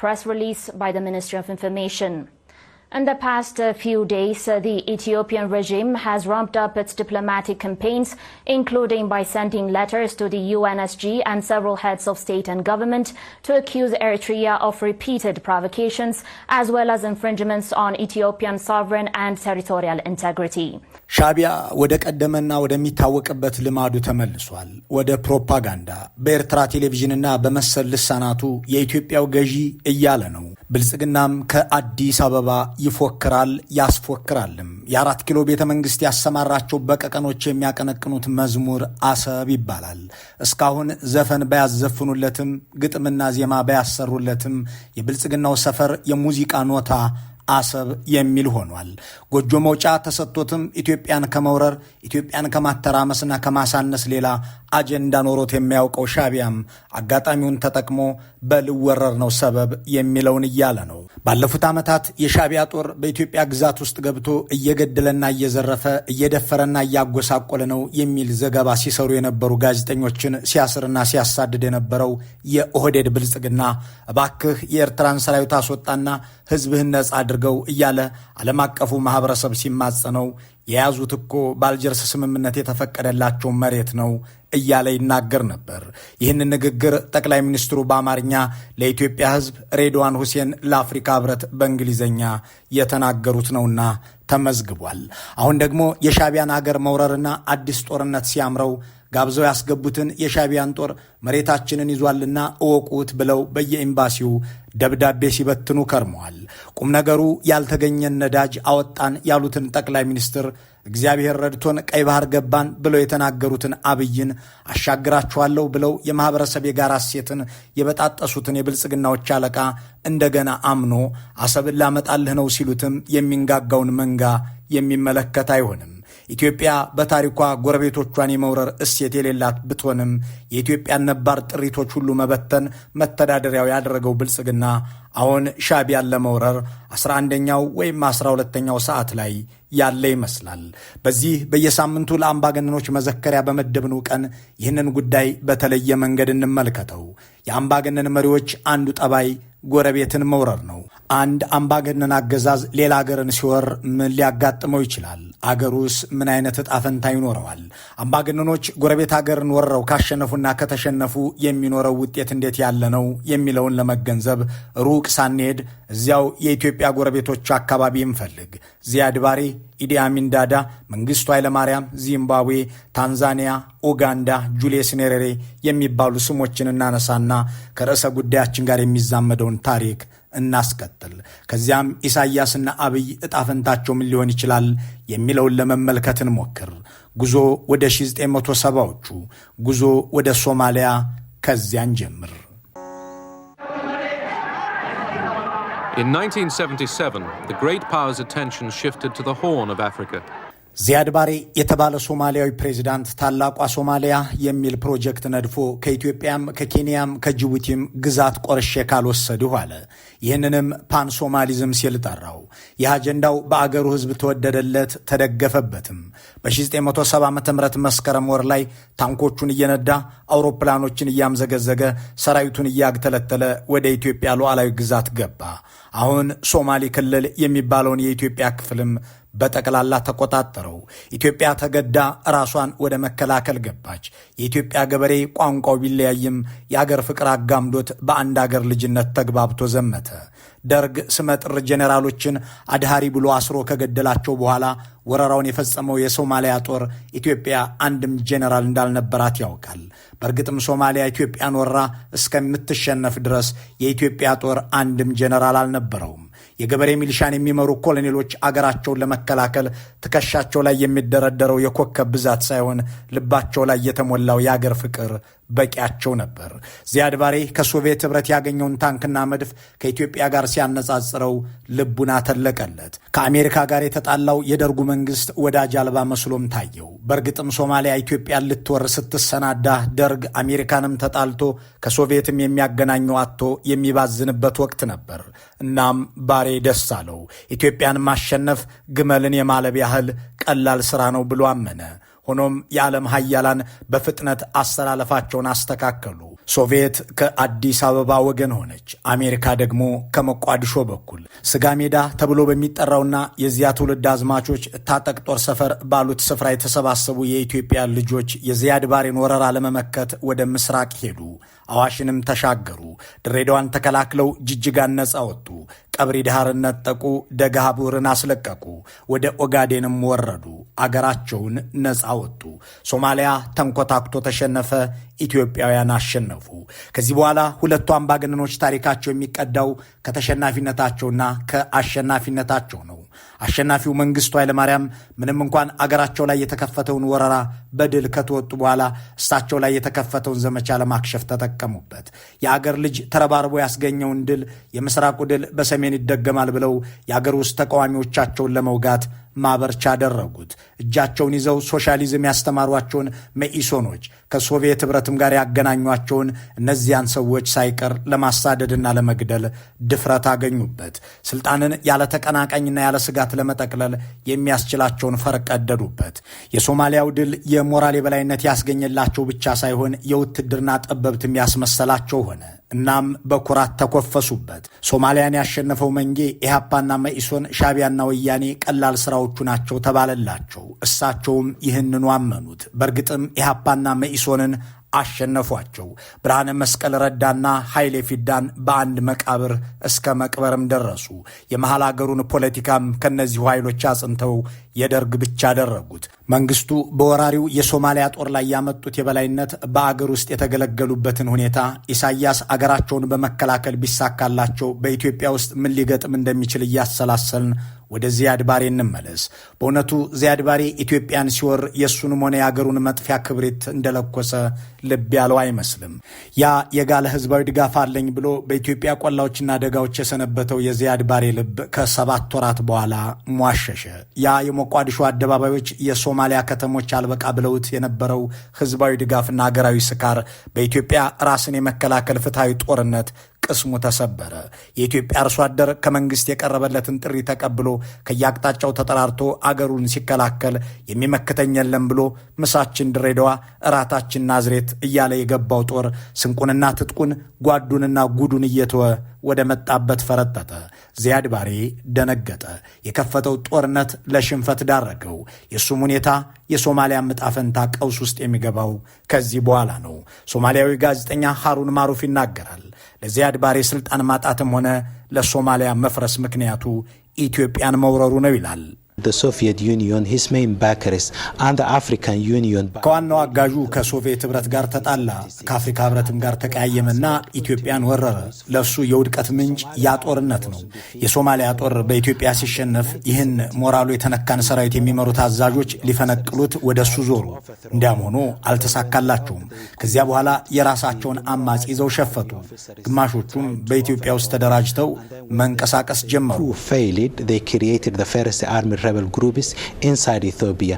press release by the Ministry of Information. In the past uh, few days, uh, the Ethiopian regime has ramped up its diplomatic campaigns, including by sending letters to the UNSG and several heads of state and government to accuse Eritrea of repeated provocations, as well as infringements on Ethiopian sovereign and territorial integrity. ሻቢያ ወደ ቀደመና ወደሚታወቅበት ልማዱ ተመልሷል፣ ወደ ፕሮፓጋንዳ። በኤርትራ ቴሌቪዥንና በመሰል ልሳናቱ የኢትዮጵያው ገዢ እያለ ነው። ብልጽግናም ከአዲስ አበባ ይፎክራል ያስፎክራልም። የአራት ኪሎ ቤተ መንግስት ያሰማራቸው በቀቀኖች የሚያቀነቅኑት መዝሙር አሰብ ይባላል። እስካሁን ዘፈን ባያዘፍኑለትም፣ ግጥምና ዜማ ባያሰሩለትም የብልጽግናው ሰፈር የሙዚቃ ኖታ አሰብ የሚል ሆኗል። ጎጆ መውጫ ተሰጥቶትም ኢትዮጵያን ከመውረር ኢትዮጵያን ከማተራመስና ከማሳነስ ሌላ አጀንዳ ኖሮት የሚያውቀው ሻቢያም አጋጣሚውን ተጠቅሞ በልወረር ነው ሰበብ የሚለውን እያለ ነው። ባለፉት ዓመታት የሻቢያ ጦር በኢትዮጵያ ግዛት ውስጥ ገብቶ እየገደለና እየዘረፈ እየደፈረና እያጎሳቆለ ነው የሚል ዘገባ ሲሰሩ የነበሩ ጋዜጠኞችን ሲያስርና ሲያሳድድ የነበረው የኦህዴድ ብልጽግና እባክህ የኤርትራን ሰራዊት አስወጣና ህዝብህን ነጻ አድርገው እያለ ዓለም አቀፉ ማህበረሰብ ሲማጸነው የያዙት እኮ በአልጀርስ ስምምነት የተፈቀደላቸው መሬት ነው እያለ ይናገር ነበር። ይህን ንግግር ጠቅላይ ሚኒስትሩ በአማርኛ ለኢትዮጵያ ሕዝብ ሬድዋን ሁሴን ለአፍሪካ ህብረት በእንግሊዝኛ የተናገሩት ነውና ተመዝግቧል። አሁን ደግሞ የሻቢያን አገር መውረርና አዲስ ጦርነት ሲያምረው ጋብዘው ያስገቡትን የሻቢያን ጦር መሬታችንን ይዟልና እወቁት ብለው በየኤምባሲው ደብዳቤ ሲበትኑ ከርመዋል። ቁም ነገሩ ያልተገኘን ነዳጅ አወጣን ያሉትን ጠቅላይ ሚኒስትር እግዚአብሔር ረድቶን ቀይ ባህር ገባን ብለው የተናገሩትን አብይን አሻግራችኋለሁ ብለው የማኅበረሰብ የጋራ እሴትን የበጣጠሱትን የብልጽግናዎች አለቃ እንደገና አምኖ አሰብን ላመጣልህ ነው ሲሉትም የሚንጋጋውን መንጋ የሚመለከት አይሆንም። ኢትዮጵያ በታሪኳ ጎረቤቶቿን የመውረር እሴት የሌላት ብትሆንም የኢትዮጵያን ነባር ጥሪቶች ሁሉ መበተን መተዳደሪያው ያደረገው ብልጽግና አሁን ሻቢያን ለመውረር አስራ አንደኛው ወይም አስራ ሁለተኛው ሰዓት ላይ ያለ ይመስላል። በዚህ በየሳምንቱ ለአምባገነኖች መዘከሪያ በመደብኑ ቀን ይህንን ጉዳይ በተለየ መንገድ እንመልከተው። የአምባገነን መሪዎች አንዱ ጠባይ ጎረቤትን መውረር ነው። አንድ አምባገነን አገዛዝ ሌላ አገርን ሲወር ምን ሊያጋጥመው ይችላል? አገሩስ ምን አይነት እጣ ፈንታ ይኖረዋል? አምባገነኖች ጎረቤት አገርን ወረው ካሸነፉና ከተሸነፉ የሚኖረው ውጤት እንዴት ያለ ነው የሚለውን ለመገንዘብ ሩቅ ሳንሄድ እዚያው የኢትዮጵያ ጎረቤቶች አካባቢ እንፈልግ። ዚያድ ባሬ፣ ኢዲ አሚን ዳዳ፣ መንግስቱ ኃይለማርያም፣ ዚምባብዌ፣ ታንዛኒያ፣ ኡጋንዳ፣ ጁልየስ ኔሬሬ የሚባሉ ስሞችን እናነሳና ከርዕሰ ጉዳያችን ጋር የሚዛመደውን ታሪክ እናስቀጥል። ከዚያም ኢሳያስና አብይ እጣፈንታቸውም ሊሆን ይችላል የሚለውን ለመመልከት እንሞክር። ጉዞ ወደ መቶ ሰባዎቹ ጉዞ ወደ ሶማሊያ። ከዚያን ጀምር። In 1977, the great power's attention shifted to the Horn of Africa. ዚያድ ባሬ የተባለ ሶማሊያዊ ፕሬዚዳንት ታላቋ ሶማሊያ የሚል ፕሮጀክት ነድፎ ከኢትዮጵያም ከኬንያም ከጅቡቲም ግዛት ቆርሼ ካልወሰድሁ አለ። ይህንንም ፓን ሶማሊዝም ሲል ጠራው። ይህ አጀንዳው በአገሩ ሕዝብ ተወደደለት፣ ተደገፈበትም። በ1970 ዓ ም መስከረም ወር ላይ ታንኮቹን እየነዳ አውሮፕላኖችን እያምዘገዘገ ሰራዊቱን እያግተለተለ ወደ ኢትዮጵያ ሉዓላዊ ግዛት ገባ። አሁን ሶማሊ ክልል የሚባለውን የኢትዮጵያ ክፍልም በጠቅላላ ተቆጣጠረው። ኢትዮጵያ ተገዳ ራሷን ወደ መከላከል ገባች። የኢትዮጵያ ገበሬ ቋንቋው ቢለያይም የአገር ፍቅር አጋምዶት በአንድ አገር ልጅነት ተግባብቶ ዘመተ። ደርግ ስመጥር ጄኔራሎችን አድሃሪ ብሎ አስሮ ከገደላቸው በኋላ ወረራውን የፈጸመው የሶማሊያ ጦር ኢትዮጵያ አንድም ጄኔራል እንዳልነበራት ያውቃል። በእርግጥም ሶማሊያ ኢትዮጵያን ወራ እስከምትሸነፍ ድረስ የኢትዮጵያ ጦር አንድም ጄኔራል አልነበረውም። የገበሬ ሚሊሻን የሚመሩ ኮሎኔሎች አገራቸውን ለመከላከል ትከሻቸው ላይ የሚደረደረው የኮከብ ብዛት ሳይሆን ልባቸው ላይ የተሞላው የአገር ፍቅር በቂያቸው ነበር። ዚያድ ባሬ ከሶቪየት ኅብረት ያገኘውን ታንክና መድፍ ከኢትዮጵያ ጋር ሲያነጻጽረው ልቡን አተለቀለት። ከአሜሪካ ጋር የተጣላው የደርጉ መንግስት ወዳጅ አልባ መስሎም ታየው። በእርግጥም ሶማሊያ ኢትዮጵያን ልትወር ስትሰናዳ ደርግ አሜሪካንም ተጣልቶ ከሶቪየትም የሚያገናኘው አቶ የሚባዝንበት ወቅት ነበር። እናም ባሬ ደስ አለው። ኢትዮጵያን ማሸነፍ ግመልን የማለብ ያህል ቀላል ስራ ነው ብሎ አመነ። ሆኖም የዓለም ሀያላን በፍጥነት አሰላለፋቸውን አስተካከሉ። ሶቪየት ከአዲስ አበባ ወገን ሆነች፣ አሜሪካ ደግሞ ከመቋድሾ በኩል ስጋ ሜዳ ተብሎ በሚጠራውና የዚያ ትውልድ አዝማቾች ታጠቅ ጦር ሰፈር ባሉት ስፍራ የተሰባሰቡ የኢትዮጵያ ልጆች የዚያድ ባሬን ወረራ ለመመከት ወደ ምስራቅ ሄዱ። አዋሽንም ተሻገሩ። ድሬዳዋን ተከላክለው ጅጅጋን ነጻ ወጡ። ቀብሪ ዳሃርን ነጠቁ፣ ደጋቡርን አስለቀቁ፣ ወደ ኦጋዴንም ወረዱ፣ አገራቸውን ነፃ ወጡ። ሶማሊያ ተንኮታኩቶ ተሸነፈ፣ ኢትዮጵያውያን አሸነፉ። ከዚህ በኋላ ሁለቱ አምባገነኖች ታሪካቸው የሚቀዳው ከተሸናፊነታቸውና ከአሸናፊነታቸው ነው። አሸናፊው መንግስቱ ኃይለማርያም ምንም እንኳን አገራቸው ላይ የተከፈተውን ወረራ በድል ከተወጡ በኋላ እሳቸው ላይ የተከፈተውን ዘመቻ ለማክሸፍ ተጠቀሙበት። የአገር ልጅ ተረባርቦ ያስገኘውን ድል የምስራቁ ድል በሰሜን ይደገማል ብለው የአገር ውስጥ ተቃዋሚዎቻቸውን ለመውጋት ማበርቻ አደረጉት። እጃቸውን ይዘው ሶሻሊዝም ያስተማሯቸውን መኢሶኖች ከሶቪየት ኅብረትም ጋር ያገናኟቸውን እነዚያን ሰዎች ሳይቀር ለማሳደድና ለመግደል ድፍረት አገኙበት። ስልጣንን ያለ ተቀናቃኝና ያለ ስጋት ለመጠቅለል የሚያስችላቸውን ፈርቅ ቀደዱበት። የሶማሊያው ድል የሞራል የበላይነት ያስገኘላቸው ብቻ ሳይሆን የውትድርና ጠበብትም ያስመሰላቸው ሆነ። እናም በኩራት ተኮፈሱበት። ሶማሊያን ያሸነፈው መንጌ ኢህአፓና መኢሶን፣ ሻቢያና ወያኔ ቀላል ስራዎቹ ናቸው ተባለላቸው። እሳቸውም ይህንኑ አመኑት። በእርግጥም ኢህአፓና መኢሶንን አሸነፏቸው። ብርሃነ መስቀል ረዳና ኃይሌ ፊዳን በአንድ መቃብር እስከ መቅበርም ደረሱ። የመሐል አገሩን ፖለቲካም ከእነዚሁ ኃይሎች አጽንተው የደርግ ብቻ አደረጉት። መንግስቱ በወራሪው የሶማሊያ ጦር ላይ ያመጡት የበላይነት በአገር ውስጥ የተገለገሉበትን ሁኔታ ኢሳያስ አገራቸውን በመከላከል ቢሳካላቸው በኢትዮጵያ ውስጥ ምን ሊገጥም እንደሚችል እያሰላሰልን ወደ ዚያድ ባሬ እንመለስ። በእውነቱ ዚያድ ባሬ ኢትዮጵያን ሲወር የእሱንም ሆነ የአገሩን መጥፊያ ክብሪት እንደለኮሰ ልብ ያለው አይመስልም። ያ የጋለ ህዝባዊ ድጋፍ አለኝ ብሎ በኢትዮጵያ ቆላዎችና ደጋዎች የሰነበተው የዚያድ ባሬ ልብ ከሰባት ወራት በኋላ ሟሸሸ። ያ የሞቃዲሾ አደባባዮች የሶማ የሶማሊያ ከተሞች አልበቃ ብለውት የነበረው ህዝባዊ ድጋፍና ሀገራዊ ስካር በኢትዮጵያ ራስን የመከላከል ፍትሐዊ ጦርነት ቅስሙ ተሰበረ። የኢትዮጵያ አርሶ አደር ከመንግስት የቀረበለትን ጥሪ ተቀብሎ ከየአቅጣጫው ተጠራርቶ አገሩን ሲከላከል የሚመክተኝ የለም ብሎ ምሳችን ድሬዳዋ፣ እራታችን ናዝሬት እያለ የገባው ጦር ስንቁንና ትጥቁን ጓዱንና ጉዱን እየተወ ወደ መጣበት ፈረጠጠ። ዚያድ ባሬ ደነገጠ። የከፈተው ጦርነት ለሽንፈት ዳረገው። የእሱም ሁኔታ የሶማሊያ ምጣፈንታ ቀውስ ውስጥ የሚገባው ከዚህ በኋላ ነው። ሶማሊያዊ ጋዜጠኛ ሃሩን ማሩፍ ይናገራል። ለዚያድ ባሬ ስልጣን ማጣትም ሆነ ለሶማሊያ መፍረስ ምክንያቱ ኢትዮጵያን መውረሩ ነው ይላል ከዋናው አጋዡ ከሶቪየት ህብረት ጋር ተጣላ፣ ከአፍሪካ ህብረትም ጋር ተቀያየመና ኢትዮጵያን ወረረ። ለእሱ የውድቀት ምንጭ ያ ጦርነት ነው። የሶማሊያ ጦር በኢትዮጵያ ሲሸነፍ ይህን ሞራሉ የተነካን ሰራዊት የሚመሩት አዛዦች ሊፈነቅሉት ወደ እሱ ዞሩ። እንዲያም ሆኖ አልተሳካላቸውም። ከዚያ በኋላ የራሳቸውን አማጺ ይዘው ሸፈቱ። ግማሾቹም በኢትዮጵያ ውስጥ ተደራጅተው መንቀሳቀስ ጀመሩ። tribal ግሩፕስ ኢንሳይድ ኢትዮጵያ።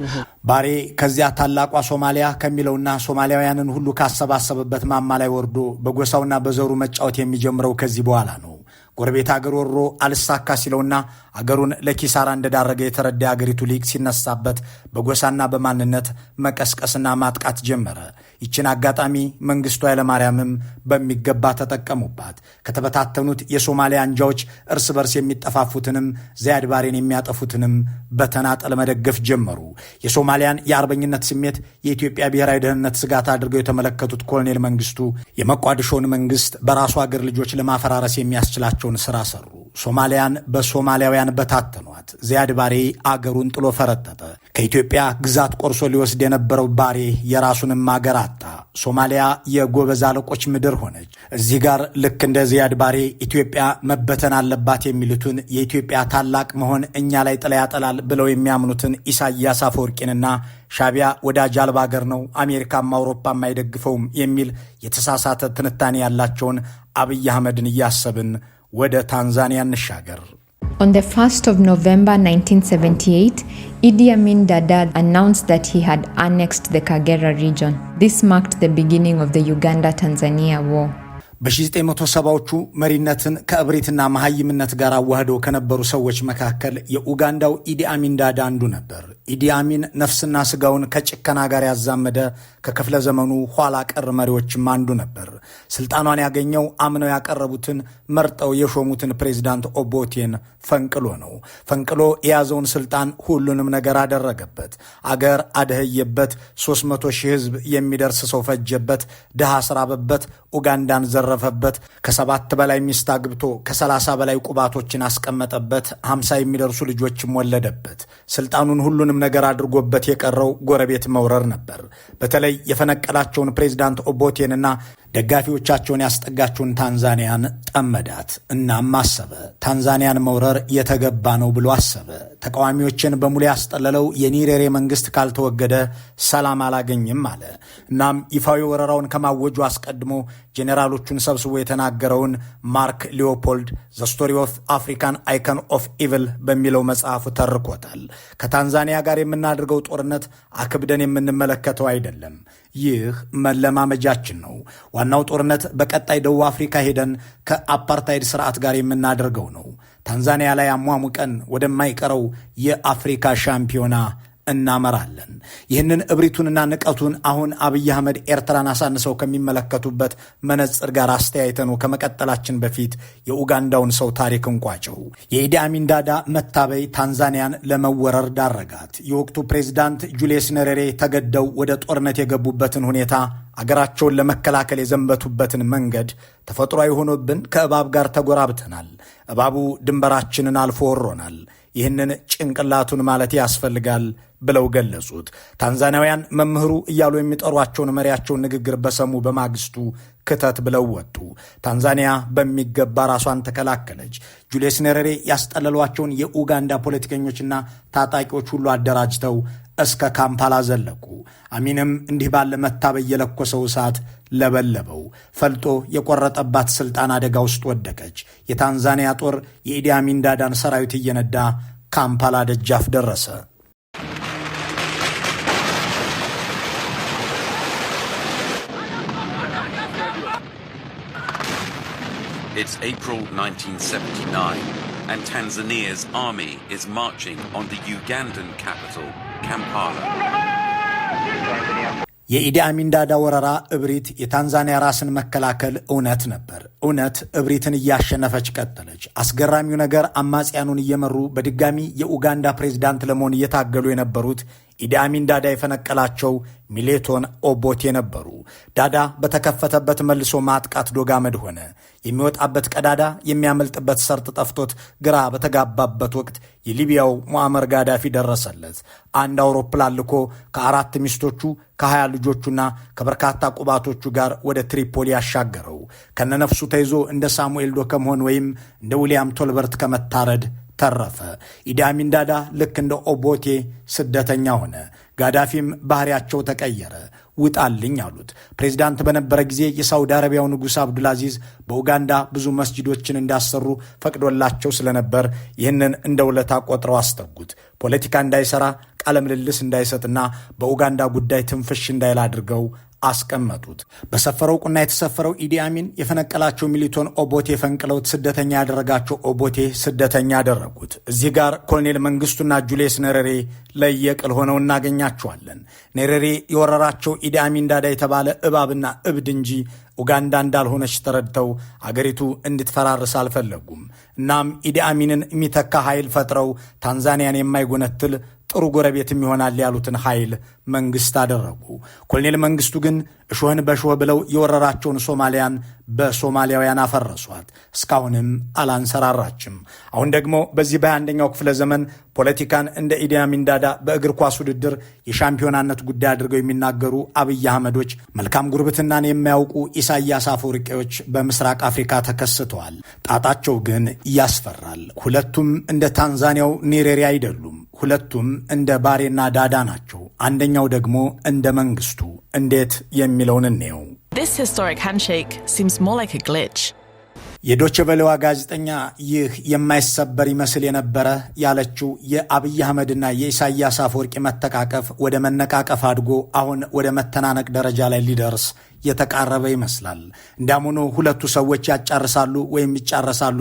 ባሬ ከዚያ ታላቋ ሶማሊያ ከሚለውና ሶማሊያውያንን ሁሉ ካሰባሰበበት ማማ ላይ ወርዶ በጎሳውና በዘሩ መጫወት የሚጀምረው ከዚህ በኋላ ነው። ጎረቤት አገር ወሮ አልሳካ ሲለውና አገሩን ለኪሳራ እንደዳረገ የተረዳ የአገሪቱ ሊቅ ሲነሳበት በጎሳና በማንነት መቀስቀስና ማጥቃት ጀመረ። ይችን አጋጣሚ መንግስቱ ኃይለማርያምም በሚገባ ተጠቀሙባት። ከተበታተኑት የሶማሊያ አንጃዎች እርስ በርስ የሚጠፋፉትንም ዚያድ ባሬን የሚያጠፉትንም በተናጠል መደገፍ ጀመሩ። የሶማሊያን የአርበኝነት ስሜት የኢትዮጵያ ብሔራዊ ደህንነት ስጋት አድርገው የተመለከቱት ኮሎኔል መንግስቱ የመቋድሾውን መንግስት በራሱ አገር ልጆች ለማፈራረስ የሚያስችላቸውን ስራ ሰሩ። ሶማሊያን በሶማሊያውያን በታተኗት። ዚያድ ባሬ አገሩን ጥሎ ፈረጠጠ። ከኢትዮጵያ ግዛት ቆርሶ ሊወስድ የነበረው ባሬ የራሱንም አገራት አጣ። ሶማሊያ የጎበዝ አለቆች ምድር ሆነች። እዚህ ጋር ልክ እንደ ዚያድ ባሬ ኢትዮጵያ መበተን አለባት የሚሉትን የኢትዮጵያ ታላቅ መሆን እኛ ላይ ጥላ ያጠላል ብለው የሚያምኑትን ኢሳያስ አፈወርቂንና ሻቢያ ወዳጅ አልባ አገር ነው አሜሪካም አውሮፓም አይደግፈውም የሚል የተሳሳተ ትንታኔ ያላቸውን አብይ አህመድን እያሰብን ወደ ታንዛኒያ እንሻገር። On the 1st of November 1978, Idi Amin Dada announced that he had annexed the Kagera region. This marked the beginning of the Uganda-Tanzania War. በ1970ዎቹ መሪነትን ከእብሪትና መሐይምነት ጋር አዋህደው ከነበሩ ሰዎች መካከል የኡጋንዳው ኢዲአሚን ዳዳ አንዱ ነበር። ኢዲአሚን ነፍስና ስጋውን ከጭከና ጋር ያዛመደ ከክፍለ ዘመኑ ኋላ ቀር መሪዎችም አንዱ ነበር። ስልጣኗን ያገኘው አምነው ያቀረቡትን መርጠው የሾሙትን ፕሬዚዳንት ኦቦቴን ፈንቅሎ ነው። ፈንቅሎ የያዘውን ስልጣን ሁሉንም ነገር አደረገበት። አገር አደህየበት፣ 300 ሺህ ህዝብ የሚደርስ ሰው ፈጀበት፣ ድሃ ስራበበት፣ ኡጋንዳን ዘራ ያረፈበት፣ ከሰባት በላይ ሚስት አግብቶ ከሰላሳ በላይ ቁባቶችን አስቀመጠበት። ሀምሳ የሚደርሱ ልጆችም ወለደበት። ስልጣኑን ሁሉንም ነገር አድርጎበት የቀረው ጎረቤት መውረር ነበር። በተለይ የፈነቀላቸውን ፕሬዚዳንት ኦቦቴንና ደጋፊዎቻቸውን ያስጠጋችውን ታንዛኒያን ጠመዳት። እናም አሰበ። ታንዛኒያን መውረር የተገባ ነው ብሎ አሰበ። ተቃዋሚዎችን በሙሉ ያስጠለለው የኒሬሬ መንግስት ካልተወገደ ሰላም አላገኝም አለ። እናም ይፋዊ ወረራውን ከማወጁ አስቀድሞ ጄኔራሎቹን ሰብስቦ የተናገረውን ማርክ ሊዮፖልድ ዘ ስቶሪ ኦፍ አፍሪካን አይከን ኦፍ ኢቭል በሚለው መጽሐፉ ተርኮታል። ከታንዛኒያ ጋር የምናደርገው ጦርነት አክብደን የምንመለከተው አይደለም ይህ መለማመጃችን ነው። ዋናው ጦርነት በቀጣይ ደቡብ አፍሪካ ሄደን ከአፓርታይድ ስርዓት ጋር የምናደርገው ነው። ታንዛኒያ ላይ አሟሙቀን ወደማይቀረው የአፍሪካ ሻምፒዮና እናመራለን። ይህንን እብሪቱንና ንቀቱን አሁን አብይ አህመድ ኤርትራን አሳንሰው ከሚመለከቱበት መነጽር ጋር አስተያይተኑ ከመቀጠላችን በፊት የኡጋንዳውን ሰው ታሪክ እንቋጭው። የኢዲ አሚን ዳዳ መታበይ ታንዛኒያን ለመወረር ዳረጋት። የወቅቱ ፕሬዚዳንት ጁልየስ ነሬሬ ተገደው ወደ ጦርነት የገቡበትን ሁኔታ አገራቸውን ለመከላከል የዘንበቱበትን መንገድ ተፈጥሯዊ ሆኖብን ከእባብ ጋር ተጎራብተናል። እባቡ ድንበራችንን አልፎ ወሮናል። ይህንን ጭንቅላቱን ማለት ያስፈልጋል ብለው ገለጹት። ታንዛኒያውያን መምህሩ እያሉ የሚጠሯቸውን መሪያቸውን ንግግር በሰሙ በማግስቱ ክተት ብለው ወጡ። ታንዛኒያ በሚገባ ራሷን ተከላከለች። ጁልየስ ነሬሬ ያስጠለሏቸውን የኡጋንዳ ፖለቲከኞችና ታጣቂዎች ሁሉ አደራጅተው እስከ ካምፓላ ዘለቁ። አሚንም እንዲህ ባለ መታ በየለኮሰው እሳት ለበለበው። ፈልጦ የቆረጠባት ስልጣን አደጋ ውስጥ ወደቀች። የታንዛኒያ ጦር የኢዲ አሚን ዳዳን ሰራዊት እየነዳ ካምፓላ ደጃፍ ደረሰ። It's April 1979 and Tanzania's army is marching on the Ugandan capital, Kampala. የኢዲ አሚን ዳዳ ወረራ እብሪት የታንዛኒያ ራስን መከላከል እውነት ነበር። እውነት እብሪትን እያሸነፈች ቀጠለች። አስገራሚው ነገር አማጽያኑን እየመሩ በድጋሚ የኡጋንዳ ፕሬዝዳንት ለመሆን እየታገሉ የነበሩት ኢዳሚን ዳዳ የፈነቀላቸው ሚሌቶን ኦቦቴ ነበሩ። ዳዳ በተከፈተበት መልሶ ማጥቃት ዶጋመድ ሆነ። የሚወጣበት ቀዳዳ የሚያመልጥበት ሰርጥ ጠፍቶት ግራ በተጋባበት ወቅት የሊቢያው ሙአመር ጋዳፊ ደረሰለት። አንድ አውሮፕላን ልኮ ከአራት ሚስቶቹ ከሀያ ልጆቹና ከበርካታ ቁባቶቹ ጋር ወደ ትሪፖሊ ያሻገረው ከነነፍሱ ተይዞ እንደ ሳሙኤል ዶከም ወይም እንደ ዊልያም ቶልበርት ከመታረድ ተረፈ። ኢዳሚን ዳዳ ልክ እንደ ኦቦቴ ስደተኛ ሆነ። ጋዳፊም ባህሪያቸው ተቀየረ፣ ውጣልኝ አሉት። ፕሬዚዳንት በነበረ ጊዜ የሳውዲ አረቢያው ንጉሥ አብዱልአዚዝ በኡጋንዳ ብዙ መስጂዶችን እንዳሰሩ ፈቅዶላቸው ስለነበር ይህንን እንደ ውለታ ቆጥረው አስጠጉት። ፖለቲካ እንዳይሰራ ቃለ ምልልስ እንዳይሰጥና በኡጋንዳ ጉዳይ ትንፍሽ እንዳይል አድርገው አስቀመጡት። በሰፈረው ቁና የተሰፈረው ኢዲ አሚን የፈነቀላቸው ሚሊቶን ኦቦቴ ፈንቅለውት ስደተኛ ያደረጋቸው ኦቦቴ ስደተኛ ያደረጉት። እዚህ ጋር ኮሎኔል መንግስቱና ጁሌስ ነረሬ ለየቅል ሆነው እናገኛቸዋለን። ነሬሬ የወረራቸው ኢዲ አሚን ዳዳ የተባለ እባብና እብድ እንጂ ኡጋንዳ እንዳልሆነች ተረድተው አገሪቱ እንድትፈራርስ አልፈለጉም። እናም ኢዲ አሚንን የሚተካ ኃይል ፈጥረው ታንዛኒያን የማይጎነትል ጥሩ ጎረቤትም ይሆናል ያሉትን ኃይል መንግስት አደረጉ። ኮሎኔል መንግስቱ ግን እሾህን በሾህ ብለው የወረራቸውን ሶማሊያን በሶማሊያውያን አፈረሷት። እስካሁንም አላንሰራራችም። አሁን ደግሞ በዚህ በአንደኛው ክፍለ ዘመን ፖለቲካን እንደ ኢዲያሚን ዳዳ በእግር ኳስ ውድድር የሻምፒዮናነት ጉዳይ አድርገው የሚናገሩ አብይ አህመዶች፣ መልካም ጉርብትናን የማያውቁ ኢሳያስ አፈወርቂዎች በምስራቅ አፍሪካ ተከስተዋል። ጣጣቸው ግን ያስፈራል። ሁለቱም እንደ ታንዛኒያው ኒሬሪ አይደሉም። ሁለቱም እንደ ባሬና ዳዳ ናቸው። አንደኛው ደግሞ እንደ መንግስቱ። እንዴት የሚለውን እንየው። የዶችቨሌዋ ጋዜጠኛ ይህ የማይሰበር ይመስል የነበረ ያለችው የአብይ አህመድና የኢሳያስ አፈወርቂ መተቃቀፍ ወደ መነቃቀፍ አድጎ አሁን ወደ መተናነቅ ደረጃ ላይ ሊደርስ የተቃረበ ይመስላል። እንዲያም ሆኖ ሁለቱ ሰዎች ያጫርሳሉ ወይም ይጫረሳሉ፣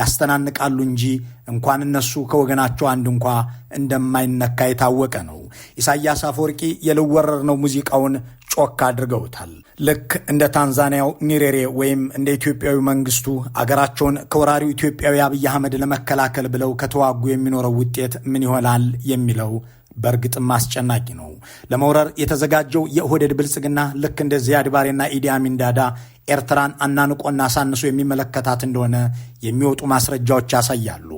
ያስተናንቃሉ እንጂ እንኳን እነሱ ከወገናቸው አንድ እንኳ እንደማይነካ የታወቀ ነው። ኢሳያስ አፈወርቂ የልወረር ነው ሙዚቃውን ጮክ አድርገውታል። ልክ እንደ ታንዛኒያው ኒሬሬ ወይም እንደ ኢትዮጵያዊ መንግስቱ አገራቸውን ከወራሪው ኢትዮጵያዊ አብይ አህመድ ለመከላከል ብለው ከተዋጉ የሚኖረው ውጤት ምን ይሆናል የሚለው በእርግጥም አስጨናቂ ነው። ለመውረር የተዘጋጀው የኦህዴድ ብልጽግና ልክ እንደ ዚያድ ባሬና ኢዲ አሚን ዳዳ ኤርትራን አናንቆና አሳንሶ የሚመለከታት እንደሆነ የሚወጡ ማስረጃዎች ያሳያሉ።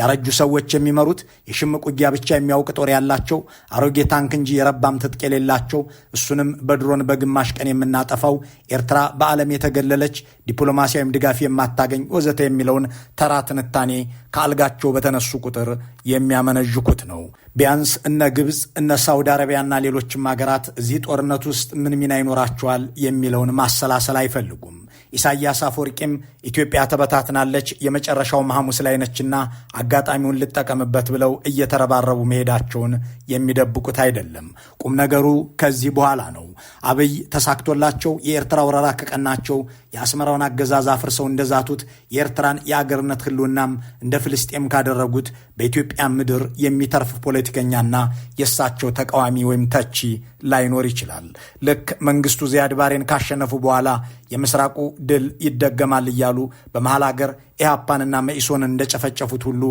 ያረጁ ሰዎች የሚመሩት የሽምቅ ውጊያ ብቻ የሚያውቅ ጦር ያላቸው አሮጌ ታንክ እንጂ የረባም ትጥቅ የሌላቸው እሱንም በድሮን በግማሽ ቀን የምናጠፋው ኤርትራ በዓለም የተገለለች ዲፕሎማሲያዊም ድጋፍ የማታገኝ ወዘተ የሚለውን ተራ ትንታኔ ከአልጋቸው በተነሱ ቁጥር የሚያመነዥኩት ነው። ቢያንስ እነ ግብፅ እነ ሳውዲ አረቢያና ሌሎችም ሀገራት እዚህ ጦርነት ውስጥ ምን ሚና ይኖራቸዋል የሚለውን ማሰላሰል አይፈልጉ አይፈልጉም። ኢሳያስ አፈወርቂም ኢትዮጵያ ተበታትናለች፣ የመጨረሻው ሐሙስ ላይ ነችና አጋጣሚውን ልጠቀምበት ብለው እየተረባረቡ መሄዳቸውን የሚደብቁት አይደለም። ቁም ነገሩ ከዚህ በኋላ ነው። አብይ ተሳክቶላቸው የኤርትራ ወረራ ከቀናቸው የአስመራውን አገዛዝ አፍርሰው እንደዛቱት የኤርትራን የአገርነት ህልውናም እንደ ፍልስጤም ካደረጉት በኢትዮጵያ ምድር የሚተርፍ ፖለቲከኛና የእሳቸው ተቃዋሚ ወይም ተቺ ላይኖር ይችላል። ልክ መንግስቱ ዚያድ ባሬን ካሸነፉ በኋላ የምስራቁ ድል ይደገማል እያሉ በመሀል አገር ኢህአፓንና መኢሶን እንደጨፈጨፉት ሁሉ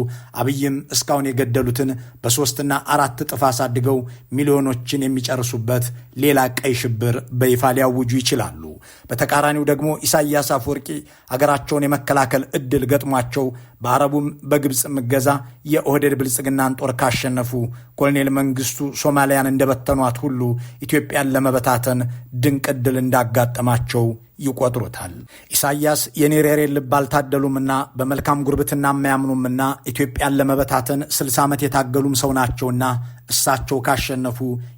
አብይም እስካሁን የገደሉትን በሶስትና አራት እጥፍ አሳድገው ሚሊዮኖችን የሚጨርሱበት ሌላ ቀይ ሽብር በይፋ ሊያውጁ ይችላሉ። በተቃራኒው ደግሞ ኢሳያስ አፈወርቂ አገራቸውን የመከላከል እድል ገጥሟቸው በአረቡም በግብፅ ምገዛ የኦህዴድ ብልጽግናን ጦር ካሸነፉ ኮሎኔል መንግስቱ ሶማሊያን እንደበተኗት ሁሉ ኢትዮጵያን ለመበታተን ድንቅ እድል እንዳጋጠማቸው ይቆጥሩታል። ኢሳያስ የኔሬሬ ልብ አልታደሉምና በመልካም ጉርብትና የማያምኑምና ኢትዮጵያን ለመበታተን ስልሳ ዓመት የታገሉም ሰው ናቸውና እሳቸው ካሸነፉ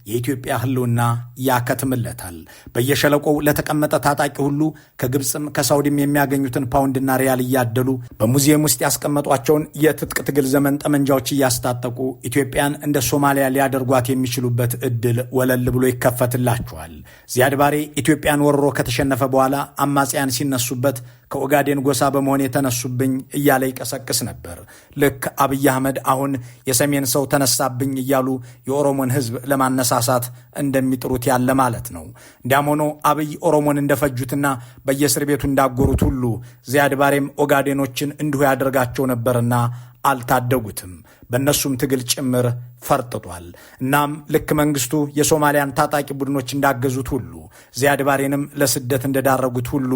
የኢትዮጵያ ህልውና ያከትምለታል። በየሸለቆው ለተቀመጠ ታጣቂ ሁሉ ከግብፅም ከሳውዲም የሚያገኙትን ፓውንድና ሪያል እያደሉ በሙዚየም ውስጥ ያስቀመጧቸውን የትጥቅ ትግል ዘመን ጠመንጃዎች እያስታጠቁ ኢትዮጵያን እንደ ሶማሊያ ሊያደርጓት የሚችሉበት እድል ወለል ብሎ ይከፈትላቸዋል። ዚያድ ባሬ ኢትዮጵያን ወርሮ ከተሸነፈ በኋላ አማጽያን ሲነሱበት ከኦጋዴን ጎሳ በመሆን የተነሱብኝ እያለ ይቀሰቅስ ነበር። ልክ አብይ አህመድ አሁን የሰሜን ሰው ተነሳብኝ እያሉ የኦሮሞን ሕዝብ ለማነሳሳት እንደሚጥሩት ያለ ማለት ነው። እንዲያም ሆኖ አብይ ኦሮሞን እንደፈጁትና በየእስር ቤቱ እንዳጎሩት ሁሉ ዚያድ ባሬም ኦጋዴኖችን እንዲሁ ያደርጋቸው ነበርና አልታደጉትም። በእነሱም ትግል ጭምር ፈርጥቷል። እናም ልክ መንግስቱ የሶማሊያን ታጣቂ ቡድኖች እንዳገዙት ሁሉ ዚያድ ባሬንም ለስደት እንደዳረጉት ሁሉ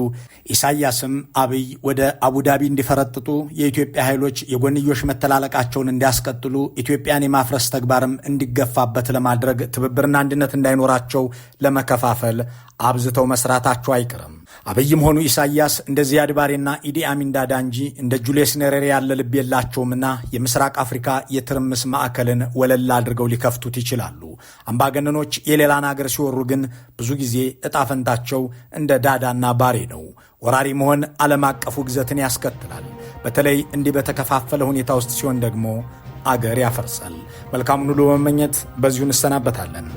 ኢሳያስም አብይ ወደ አቡዳቢ እንዲፈረጥጡ የኢትዮጵያ ኃይሎች የጎንዮሽ መተላለቃቸውን እንዲያስቀጥሉ ኢትዮጵያን የማፍረስ ተግባርም እንዲገፋበት ለማድረግ ትብብርና አንድነት እንዳይኖራቸው ለመከፋፈል አብዝተው መስራታቸው አይቀርም። አብይም ሆኑ ኢሳያስ እንደ ዚያድ ባሬና ኢዲ አሚን ዳዳ እንጂ እንደ ጁልየስ ነሬሬ ያለ ልብ የላቸውምና የምስራቅ አፍሪካ የትርምስ ማዕከልን ወለል አድርገው ሊከፍቱት ይችላሉ። አምባገነኖች የሌላን አገር ሲወሩ ግን ብዙ ጊዜ እጣፈንታቸው እንደ ዳዳና ባሬ ነው። ወራሪ መሆን ዓለም አቀፉ ግዘትን ያስከትላል። በተለይ እንዲህ በተከፋፈለ ሁኔታ ውስጥ ሲሆን ደግሞ አገር ያፈርሳል። መልካሙን ሁሉ በመመኘት በዚሁ እንሰናበታለን።